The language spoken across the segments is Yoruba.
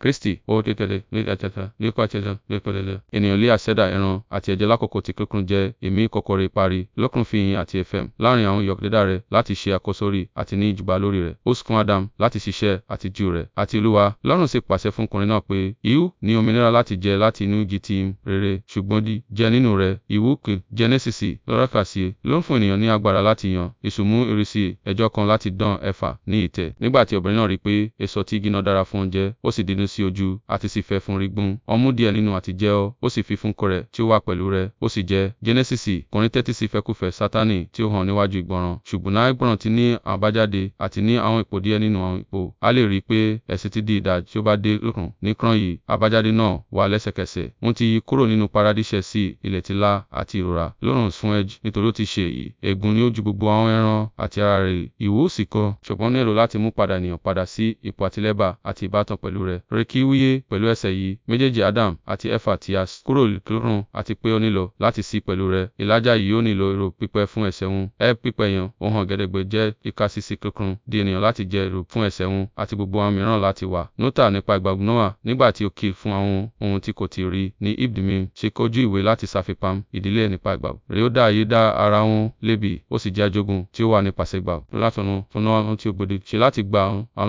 Kristi, ó ti tẹ̀lé ní àtẹ̀tẹ̀, ní ikọ̀ àtẹ̀tẹ̀, ní ìpẹ̀lẹ̀lẹ̀. Ènìyàn lé àṣẹ̀dá ẹran àti ẹ̀jẹ̀ lákòókò ti kíkún jẹ́ ẹ̀mí ìkọ̀kọ̀ rẹ̀ ìparí, lọ́kàn fi ìyìn àti ẹ̀fẹ̀ láàrin àwọn ìyọ̀kùdídà rẹ̀ láti ṣe àkóso rí àti ní ìjùbà lórí rẹ̀. Ó sì fún Adam láti ṣiṣẹ́ àti jù rẹ̀ àti Olúwa. Ọlọ́run sì pàṣẹ fún ọkùnrin náà pé, “Ìwú ní òmìnira láti jẹ láti inú igi ti rere, ṣùgbọ́n di jẹ nínú rẹ̀.” Ìwú kì Jẹ́nẹ́sísì lọ́rọ̀kàsí ló ń fún ènìyàn ní agbára láti yàn. Èṣù mú ìrísí ẹjọ́ kan láti dán ẹfà ní ìtẹ́. Nígbà tí náà rí pé èso ti igi náà dára fún oúnjẹ, ó sì di sí ojú, àti sì fẹ́ fún rigbun, ó mú díẹ̀ nínú àti jẹ ọ́, ó sì fi fún kọ rẹ̀ tí ó wà pẹ̀lú rẹ̀, ó sì jẹ. Jẹ́nẹ́sísì, kọrin tẹ́tí sí fẹ́kúfẹ̀ẹ́ Sátánì tí ó hàn níwájú ìgbọràn, ṣùgbọ́n láìgbọràn ti ní àbájáde àti ní àwọn ipò díẹ̀ nínú àwọn ipò, a lè rí i pé ẹ̀ṣẹ̀ ti di idà tí ó bá dé lókun. Níkran yìí, àbájáde náà wá lẹ́sẹ̀kẹsẹ̀, wọ́n ti yí kúrò nínú paradíṣẹ́ sí ilẹ̀ tìlá àti ìrora, lọ́rùn fún ẹ̀jẹ̀, nítorí ó ti ṣe èyí, ègún ni ó ju gbogbo àwọn ẹran àti ara rẹ̀, ìwọ ó sì kọ̀, ṣùgbọ́n nílò láti mú padà ènìyàn padà sí ipò àtilẹ́bà àti ìbátan pẹ̀lú rẹ̀. Rekiwíyé pẹ̀lú ẹsẹ̀ yìí, méjèèjì Adam àti Éfà tí a kúrò lọ́rùn àti pé ó nílò láti sí pẹ̀lú rẹ̀. Ìlàjì yìí ó nílò èrò pípẹ́ fún ẹsẹ̀ wọn. Ẹ pípẹ́ yan, ó hàn gẹ́dẹ́gbẹ́ jẹ́ ìkásísí kíkún di ènìyàn láti jẹ èrò fún ẹsẹ̀ wọn àti gbogbo àwọn mìíràn láti wà. Nótà nípa ìgbàgbọ́ Nóà nígbà tí ó kì í fún àwọn ohun tí kò tí ì rí ní Ibdimim ṣe kọjú ìwé láti ṣàfipam ìdílé nípa ìgbàgbọ́. Rèé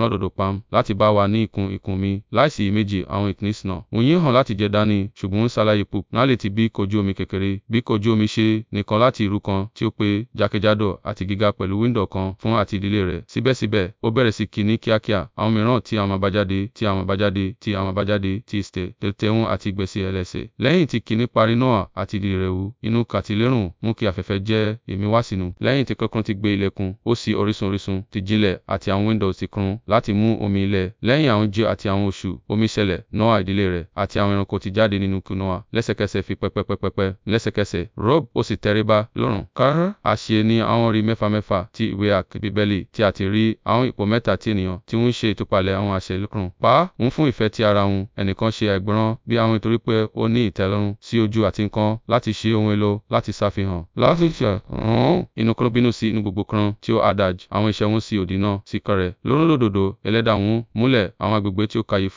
ó dá wa ní ìkún ìkún láìsí méjì àwọn ìpín ṣìnà. Wọ̀nyí hàn láti jẹ dání, ṣùgbọ́n ń ṣàlàyé púpọ̀ náà lè ti bí kojú omi kékeré, bí kojú omi ṣe nìkan láti irú kan tí ó pé jákèjádò àti gíga pẹ̀lú wíńdò kan fún àti ìdílé rẹ̀. Síbẹ̀síbẹ̀, ó bẹ̀rẹ̀ sí kì ní kíákíá, àwọn mìíràn tí àwọn àbájáde, tí àwọn àbájáde, tí àwọn àbájáde, ti ìsìtẹ̀, tẹ̀hún àti ìgbésí ẹlẹ́sẹ̀. Lẹ́yìn tí kìíní parí Nóà àti ìdílé rẹ̀ wú, inú kàtìlérùn mú kí afẹ́fẹ́ jẹ́ èémí wá sínú. Lẹ́yìn tí kankan ti gbé ilẹ̀kùn, ó ṣí orísun orísun, ti jílẹ̀ àti àwọn wíńdò ti kùn láti mú omi ilẹ̀. Lẹ́yìn àwọn jẹ́ àti àwọn oṣù, òjò, omi ṣẹlẹ̀, Nóà ìdílé rẹ̀ àti àwọn ẹranko ti jáde nínú ikú Nóà, lẹ́sẹ̀kẹsẹ̀ fi pẹpẹpẹpẹ, lẹ́sẹ̀kẹsẹ̀, Rob ó sì tẹríba lọ́rùn. Kárá, àṣẹ ni àwọn orí mẹ́fà mẹ́fà ti ìwé àk Bíbélì tí a ti rí àwọn ipò mẹ́ta tí ènìyàn tí ń ṣe ìtúpalẹ̀ àwọn àṣẹ lọ́kàn. Pa ń fún ìfẹ́ ti ara wọn, ẹnìkan ṣe àìgbọràn bí àwọn nítorí pé ó ní ìtẹ́lọ́rùn sí ojú àti nǹkan láti ṣe ohun èlò láti ṣàfihàn. Láfíìsì ọ̀hún, inú kan bínú sí inú gbogbo kan tí ó adáj, àwọn iṣẹ́ wọn sì òdì náà sí kẹrẹ̀. Lóró lòdòdó, ẹlẹ́dàá wọn múlẹ̀ àwọn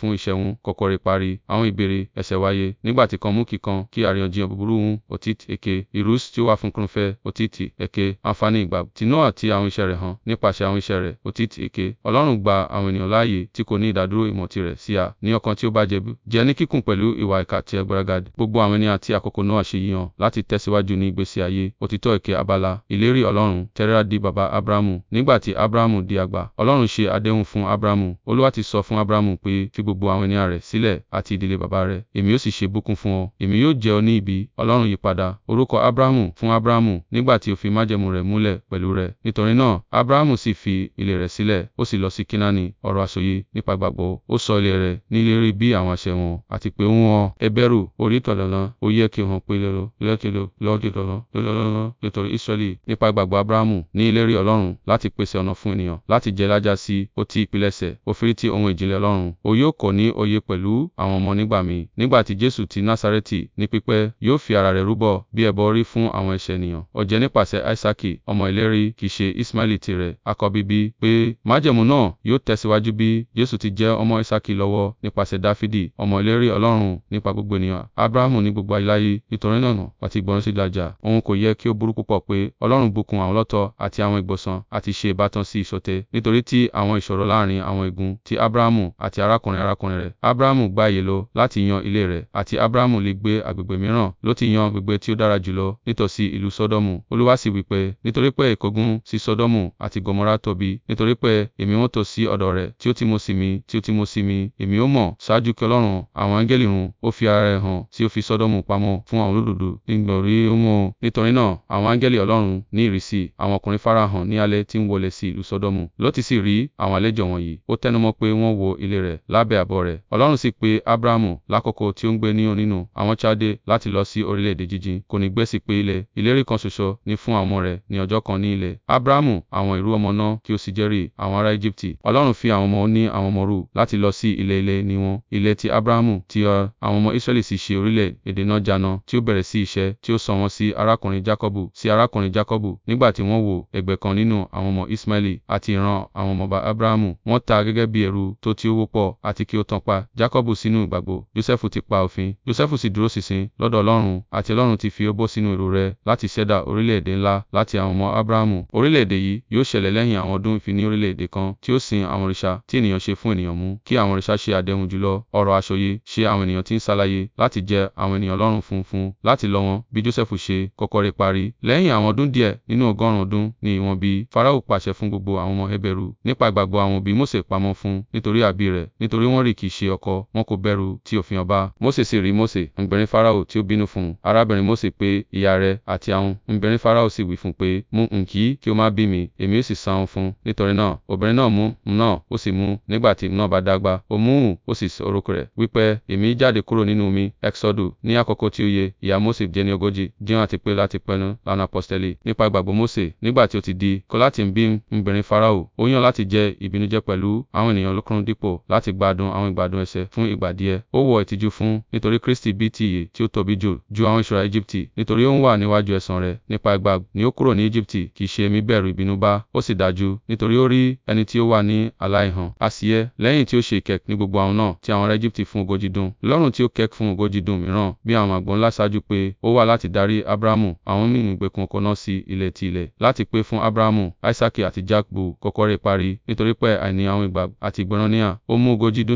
fún iṣẹ́ wọn. Kọ́kọ́rẹ́ parí. Àwọn ìbéèrè ẹsẹ̀ wáyé nígbà tí kan mú kíkan kí àríyànjiyàn búburú hun òtítì èké ìrúsì tí ó wà fún kúnfẹ́ òtítì èké àǹfààní ìgbà tí Nóà ti àwọn iṣẹ́ rẹ̀ hàn nípasẹ̀ àwọn iṣẹ́ rẹ̀ òtítì èké Ọlọ́run gba àwọn ènìyàn láàyè tí kò ní ìdádúró ìmọ̀ tirẹ̀ sí a ní ọkàn tí ó bá jẹ̀bi jẹ́ ní kíkùn pẹ̀lú ìwà ìkà tí ẹgbẹ́rẹ́gà gbogbo àwọn ènìyàn àti àkókò Nóà ṣe yíyan láti tẹ̀síwájú ní ìgbésí ayé òtítọ́ èké abala ìlérí Ọlọ́run tẹ́rẹ́rà di bàbá Ábrahamu nígbà tí Ábrahamu di àgbà Ọlọ́run ṣe àdéhùn fún Ábrahamu Olúwa ti sọ fún Ábrahamu pé fi gbogbo àwọn ènìyàn rẹ̀ sílẹ̀ àti ìdílé baba rẹ̀, èmi yóò sì ṣe ìbùkún fún ọ. Èmi yóò jẹ ọ ní ibi Ọlọ́run yípadà orúkọ Abrahamu fún Abrahamu nígbà tí ó fi májẹ̀mú rẹ̀ múlẹ̀ pẹ̀lú rẹ̀. Nítorí náà, Abrahamu sì fi ilé rẹ̀ sílẹ̀, ó sì lọ sí Kínání, ọ̀rọ̀ àsọyé nípa ìgbàgbọ́. Ó sọ ilé rẹ̀ ní ìlérí bí àwọn àṣẹ wọn, àti pé ó wọn Ẹbẹ́rù orí ìtọ́lọ́lọ́, ó yẹ kí ó hàn pé lọ́lọ́, lọ́kìlọ́, lọ́kìlọ́lọ́, lọ́lọ́lọ́, nítorí Israẹli nípa ìgbàgbọ́ Abrahamu ní ìlérí Ọlọ́run láti pèsè ọ̀nà fún ènìyàn láti jẹ́ lájà sí ó ti ìpilẹ̀ṣẹ̀, ó fi rí ti ohun ìjìnlẹ̀ Ọlọ́run, ó yóò kò ní òye pẹ̀lú àwọn ọmọ nígbà mi. Nígbà tí Jésù ti Násárẹ́tì ní pípẹ́, yóò fi ara rẹ̀ rúbọ bí ẹbọ orí fún àwọn ẹ̀ṣẹ̀ ènìyàn. Ó jẹ́ nípasẹ̀ Ísákì, ọmọ ìlérí, kì í ṣe Ismaili tirẹ̀. Àkọ́bí bí pé májẹ̀mú náà yóò tẹ̀síwájú bí Jésù ti jẹ́ ọmọ Ísákì lọ́wọ́ nípasẹ̀ Dáfídì, ọmọ ìlérí Ọlọ́run nípa gbogbo ènìyàn. Ábúráhámù ní gbogbo ayé, nítorí náà àti ìgbọràn sí ìlàjà. Òun kò yẹ kí ó burú púpọ̀ pé Ọlọ́run bùkún àwọn ọlọ́tọ̀ àti àwọn ìgbọ̀nsán àti ṣe ìbátan sí ìṣọ̀tẹ̀, nítorí tí àwọn ìṣòro láàárín àwọn igun ti Ábúráhámù àti arákùnrin arákùnrin rẹ̀. Abrahamu gba ààyè lọ láti yan ilé rẹ̀, àti Abrahamu lè gbé agbègbè mìíràn, ló ti yan agbègbè tí ó dára jùlọ nítòsí ìlú Sọdọmu. Olúwa sì wí pé, “Nítorí pé ìkógun sí Sọdọmu àti Gomorrah tóbi, nítorí pé èmi ó tò sí ọ̀dọ̀ rẹ̀ tí ó ti mú sí mi, tí ó ti mú sí mi, èmi ó mọ̀, ṣáájú kí Ọlọ́run àwọn angẹli run, ó fi ara rẹ̀ hàn tí ó fi Sọdọmu pamọ́ fún àwọn olódodo nítorí ó mọ̀. Nítorí náà, àwọn angẹli Ọlọ́run ní ìrísí, àwọn ọkùnrin farahàn ní alẹ́ tí ń wọlé sí ìlú Sọdọmu. Lọ́tì sì rí àwọn àlejò wọ̀nyí, ó tẹnumọ́ pé wọ́n wó ilé rẹ̀ lábẹ́ lábẹ́ àbọ̀ rẹ̀. Ọlọ́run sì pe Ábúráhámù lákòókò tí ó ń gbé ní nínú àwọn Chalde láti lọ sí orílẹ̀-èdè jíjìn. Kò ní gbé pé ilẹ̀ ìlérí kan ṣoṣo ni fún àwọn ọmọ rẹ̀ ní ọjọ́ kan ní ilẹ̀. Ábúráhámù àwọn ìrú ọmọ náà kí ó sì jẹ́rìí àwọn ará Íjíbítì. Ọlọ́run fi àwọn ọmọ ní àwọn ọmọ rú láti lọ sí ilẹ̀ ilẹ̀ ni wọn. Ilẹ̀ ti Ábúráhámù ti ọ àwọn ọmọ Ísírẹ́lì sì ṣe orílẹ̀-èdè náà jana tí ó bẹ̀rẹ̀ sí iṣẹ́ tí ó sọ wọn sí arákùnrin Jákọ́bù sí arákùnrin Jákọ́bù nígbà tí wọ́n wo ẹgbẹ́ kan nínú àwọn ọmọ Ismaili àti ìran àwọn ọmọ Ábúráhámù. Wọ́n tà gẹ́gẹ́ bí ẹrú tó ti owó pọ̀ àti àti kí ó tàn pa Jakọbu sínú ìgbàgbọ́. Joseph ti pa òfin. Josẹfu sì dúró ṣinṣin lọ́dọ̀ Ọlọ́run, àti Ọlọ́run ti fi òbó sínú èrò rẹ̀ láti ṣẹ̀dá orílẹ̀-èdè ńlá láti àwọn ọmọ Abrahamu. Orílẹ̀-èdè yìí yóò ṣẹlẹ̀ lẹ́yìn àwọn ọdún ìfini orílẹ̀-èdè kan tí ó sin àwọn òrìṣà tí ènìyàn ṣe fún ènìyàn mú, kí àwọn òrìṣà ṣe àdéhùn jùlọ, ọ̀rọ̀ àsọyé ṣe àwọn ènìyàn tí ń ṣàlàyé láti jẹ àwọn ènìyàn lọ́rùn funfun láti lọ wọn bí Josẹfu ṣe kọ́kọ́ rí parí. Lẹ́yìn àwọn ọdún díẹ̀ nínú ọgọ́rùn ọdún ni ìwọ̀n bí Farao pàṣẹ fún gbogbo àwọn ọmọ Heberu nípa ìgbàgbọ́ àwọn òbí Mose pamọ́ fún nítorí àbí rẹ̀ nítorí wọ́n wọ́n rí kì í ṣe ọkọ, wọn kò bẹ̀rù ti òfin ọba. Mose sì rí Mose, ǹgbẹ̀rin Farao tí ó bínú fún un. Arábìnrin Mose pé, ìyá rẹ̀ àti àwọn ǹgbẹ̀rin Farao sì wí fún un pé, mú nkì kí ó má bí mi, èmi ó sì san òun fún. Nítorí náà, obìnrin náà mú un náà, ó sì mú un. Nígbà tí un náà bá dàgbà, ó mú un, ó sì sọ orúkọ rẹ̀ wípé, èmi jáde kúrò nínú omi, Exodus, ní àkókò tí ó yẹ, ìyá Mose jẹ́ ní ogójì, dín àti pé láti pẹnu lánàá apọ́stẹ́lì. Nípa ìgbàgbọ́ Mose, nígbà tí ó ti di kọ́ láti bí ǹgbẹ̀rin Farao, ó yàn láti jẹ ìbínújẹ́ pẹ̀lú àwọn ènìyàn lọ́kùnrin dípò láti gbádùn ìgbádùn àwọn ìgbádùn ẹ̀ṣẹ̀ fún ìgbà díẹ̀. Ó wọ ìtìjú fún, nítorí Kristi bí ti ìyè tí ó tóbi jù ju àwọn ìṣúra Ejibiti, nítorí ó ń wà níwájú ẹ̀san rẹ̀. Nípa ìgbà ni ó kúrò ní Ejibiti, kì ṣe èmi bẹ̀rù ìbínú bá, ó sì dájú, nítorí ó rí ẹni tí ó wà ní aláìhàn. Àsìyẹ, lẹ́yìn tí ó ṣe ìkẹ̀kẹ̀ ní gbogbo àwọn náà tí àwọn ará Ejibiti fún ogójì dùn, lọ́rùn tí ó kẹ́kẹ̀ fún ogójì dùn mìíràn, bí àwọn àgbọ̀n ńlá ṣáájú pé ó wá láti darí Abrahamu, àwọn mìíràn ìgbèkùn ọkọ̀ náà sí ilẹ̀ ti láti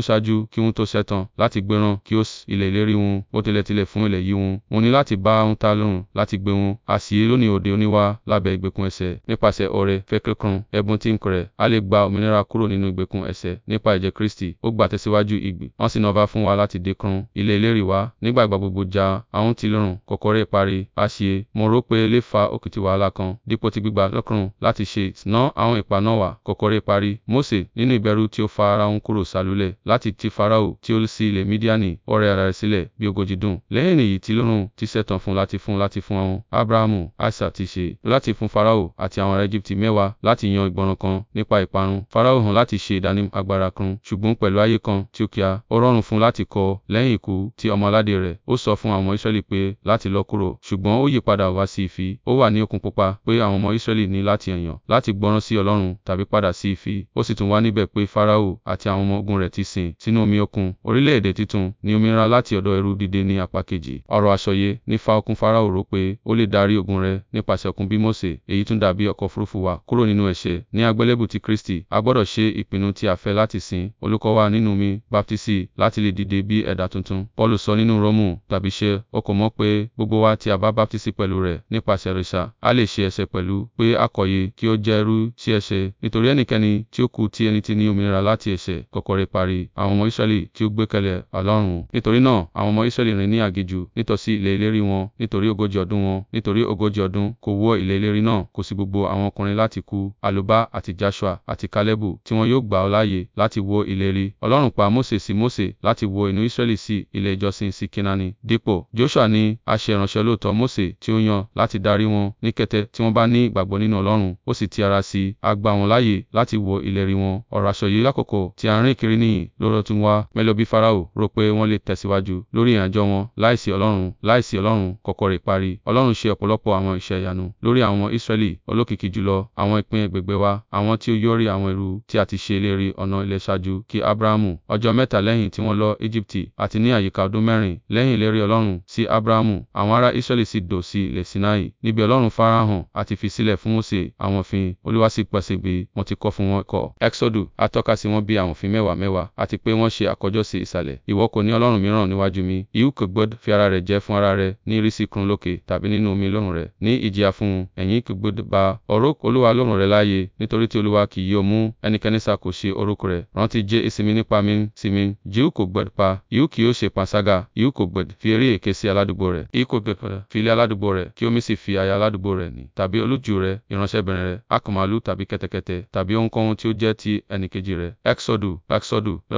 ọdún ṣáájú kí wọ́n tó ṣetán láti gbéran kí ó sì ilẹ̀ ìlérí wọn ó tilẹ̀ tilẹ̀ fún ilẹ̀ yìí wọn. Wọ́n ní láti bá ohun ta lọ́rùn láti gbé wọn. Àṣì lónìí òde oníwà lábẹ́ ìgbèkùn ẹ̀ṣẹ̀ nípasẹ̀ ọrẹ fẹ́ kíkan ẹ̀bùn tí ń kọrẹ̀. A lè gba òmìnira kúrò nínú ìgbèkùn ẹ̀ṣẹ̀ nípa ẹ̀jẹ̀ Kristi. Ó gbà tẹ̀síwájú ìgbì. Wọ́n sì nọba fún wa láti dẹkùn ilẹ̀ ìlérí wa nígbà ìgbà gbogbo ja àwọn tí lọ́rùn kọ̀kọ́rẹ́ ìparí. Àṣì mo rò pé lè fa òkìtì wàhálà kan dípò ti gbígbà lọ́kùnrùn láti ṣe ná àwọn ìpaná wa kọ̀kọ́rẹ́ ìparí. Mósè nínú ìbẹ̀rù tí ó fa ara òun kúrò sálúlẹ̀ láti ti Farao tí ó sí ilẹ̀ Midiani, ó rẹ ara rẹ̀ sílẹ̀ bí ogójì dùn. Lẹ́yìn èyí tí lọ́rùn ti ṣetán fún láti fún láti fún àwọn Abrahamu, Asa ti ṣe láti fún Farao àti àwọn ará Egypt mẹ́wàá láti yan ìgbọràn kan nípa ìparun. Farao hàn láti ṣe ìdánim agbára kan, ṣùgbọ́n pẹ̀lú ayé kan tí ó kíá, ó rọrùn fún láti kọ̀ lẹ́yìn ikú ti ọmọ-aládé rẹ̀. Ó sọ fún àwọn ọmọ Israẹli pé láti lọ kúrò, ṣùgbọ́n ó yípadà wá sí ìfì. Ó wà ní Òkun Pupa pé àwọn ọmọ Israẹli ní láti yàn láti gbọ́ràn sí Ọlọ́run tàbí padà sí ìfì. Ó sì tún wà níbẹ̀ pé Farao àti àwọn ọmọ ogun rẹ̀ ti ìsìn sínú omi òkun. Orílẹ̀-èdè titun ni òmìnira láti ọ̀dọ̀ ẹrú dìde ní apá kejì. Ọ̀rọ̀ àsọyé nípa okùn Farao rò pé ó lè darí ogun rẹ̀ nípasẹ̀ okùn bí Mósè, èyí tún dàbí ọkọ̀ òfurufú wa kúrò nínú ẹ̀ṣẹ̀. Ní àgbélébù ti Kristi, a gbọ́dọ̀ ṣe ìpinnu tí a fẹ́ láti sìn olùkọ́ wa nínú omi báptísì láti lè dìde bí ẹ̀dá tuntun. Paulu sọ nínú Rómù tàbí ṣe o kò mọ̀ pé gbogbo wa tí a bá báptísì pẹ̀lú rẹ̀ nípasẹ̀ rẹ̀ṣà, a lè ṣe ẹ̀ṣẹ̀ pẹ̀lú pé a kọ̀yé kí ó jẹ́ ẹrú sí ẹ̀ṣẹ̀ nítorí ẹnikẹ́ni tí ó kú tí ẹni tí ní òmìnira láti ẹ̀ṣẹ̀ kọ́kọ́ parí àwọn ọmọ Israẹli tí ó gbẹ́kẹ̀lé Ọlọ́run. Nítorí náà, àwọn ọmọ Israẹli rìn ní aginjù nítòsí ilé ìlérí wọn nítorí ogójì ọdún wọn. Nítorí ogójì ọdún kò wọ ilé ìlérí náà, kò sí gbogbo àwọn ọkùnrin láti kú. Àlùbá àti Joṣua àti Kalebu tí wọn yóò gbà ọ́ láàyè láti wọ ìlérí. Ọlọ́run pa Mose sí Mose láti wọ inú Israẹli sí ilé ìjọsìn sí Kínání. Dípò, Joṣua ní aṣẹ ìránṣẹ́ olóòótọ́ Mose tí ó yan láti darí wọn ní kété tí wọ́n bá ní ìgbàgbọ́ nínú Ọlọ́run, ó sì ti ara sí, a gbà láàyè láti wọ ìlérí wọn. Ọ̀rọ̀ àsọyé lákòókò tí a rìn kiri nìyí lọ́rọ̀ tún wá mẹ́lọ bí Fáráò rò pé wọ́n lè tẹ̀síwájú lórí ìrìnàjò wọn láìsí Ọlọ́run láìsí Ọlọ́run kọ̀kọ̀ rẹ̀ parí Ọlọ́run ṣe ọ̀pọ̀lọpọ̀ àwọn iṣẹ́ ìyanu lórí àwọn Ísírẹ́lì olókìkí jùlọ àwọn ìpín agbègbè wa àwọn tí ó yọrí àwọn ẹrú tí a ti ṣe ìlérí ọ̀nà ilẹ̀ ṣáájú kí Ábúráhámù ọjọ́ mẹ́ta lẹ́yìn tí wọ́n lọ Íjíbítì àti ní àyíká ọdún mẹ́rin lẹ́yìn ìlérí Ọlọ́run sí Ábúráhámù àwọn ará Ísírẹ́lì sì dò sí ilẹ̀ Sinai níbi Ọlọ́run farahàn àti fi sílẹ̀ fún Mósè àwọn òfin Olúwa sì pèsè bí wọ́n ti kọ fún wọn kọ Exodus atọ́ka sí wọn bí àwọn òfin mẹ́wàá mẹ́wàá àti àti pé wọ́n ṣe àkójọ sí ìsàlẹ̀. Ìwọ kò ní Ọlọ́run mìíràn níwájú mi. Ihu kò gbọdọ̀ fi ara rẹ̀ jẹ fún ara rẹ̀ ní ìrísí kúrun lókè tàbí nínú omi lọ́rùn rẹ̀ ní ìjìyà fún un. Ẹ̀yin kò gbọdọ̀ ba ọ̀rọ̀ Olúwa lọ́rùn rẹ̀ láàyè nítorí tí Olúwa kì yóò mú ẹnikẹ́ni ṣàkóso orúkọ rẹ̀. Rántí jẹ́ ìsinmi nípa mi sí mi. Jíù kò gbọdọ̀ pa. Ihu kì yóò ṣe panṣágà. Ihu kò gbọdọ̀ fi eré èké sí aládùúgbò rẹ̀. Ihu kò gbọdọ̀ fi ilé aládùúgbò rẹ̀ kí omi sì fi aya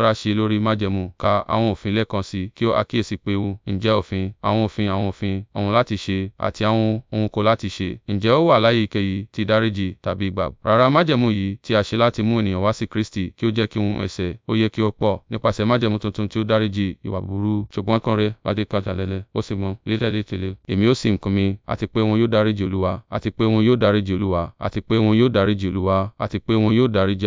lọ́ra sí lórí májẹ̀mú ka àwọn òfin lẹ́ẹ̀kan sí kí ó àkíyèsí pé ó ǹjẹ́ òfin àwọn òfin àwọn òfin ohun láti ṣe àti àwọn ohun kò láti ṣe ǹjẹ́ ó wà láyé ìkẹyì ti dáríjì tàbí ìgbà rárá májẹ̀mú yìí tí a láti mú ènìyàn wá sí Kristi kí ó jẹ́ kí ohun ẹ̀ṣẹ̀ ó yẹ kí ó pọ̀ nípasẹ̀ májẹ̀mú tuntun tí ó dáríjì ìwà búburú ṣùgbọ́n kan rẹ̀ bàdé padà lẹ́lẹ̀ ó sì mọ létẹ̀létẹ̀lẹ̀ èmi ó sì ń kún mi àti pé wọn yóò dáríjì Olúwa àti pé wọn yóò dáríjì Olúwa àti pé wọn yóò dáríjì Olúwa àti pé wọn yóò dáríjì